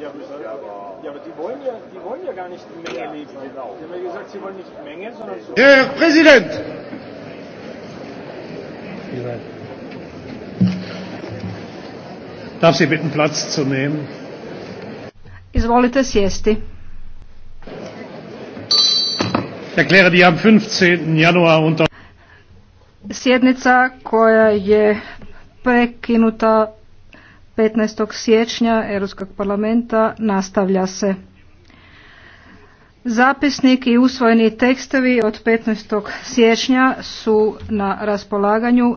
Ja, ja, aber die wollen ja, die wollen ja gar nicht die Menge liefern. Genau. Sie haben ja gesagt, sie wollen nicht Menge, sondern... So Herr Präsident! Darf Sie bitten, Platz zu nehmen? Izvolite Ich Erkläre die am 15. Januar unter Sjednica koja je prekinuta 15. siječnja Europskog parlamenta nastavlja se. Zapisnik i usvojeni tekstovi od 15. siječnja su na raspolaganju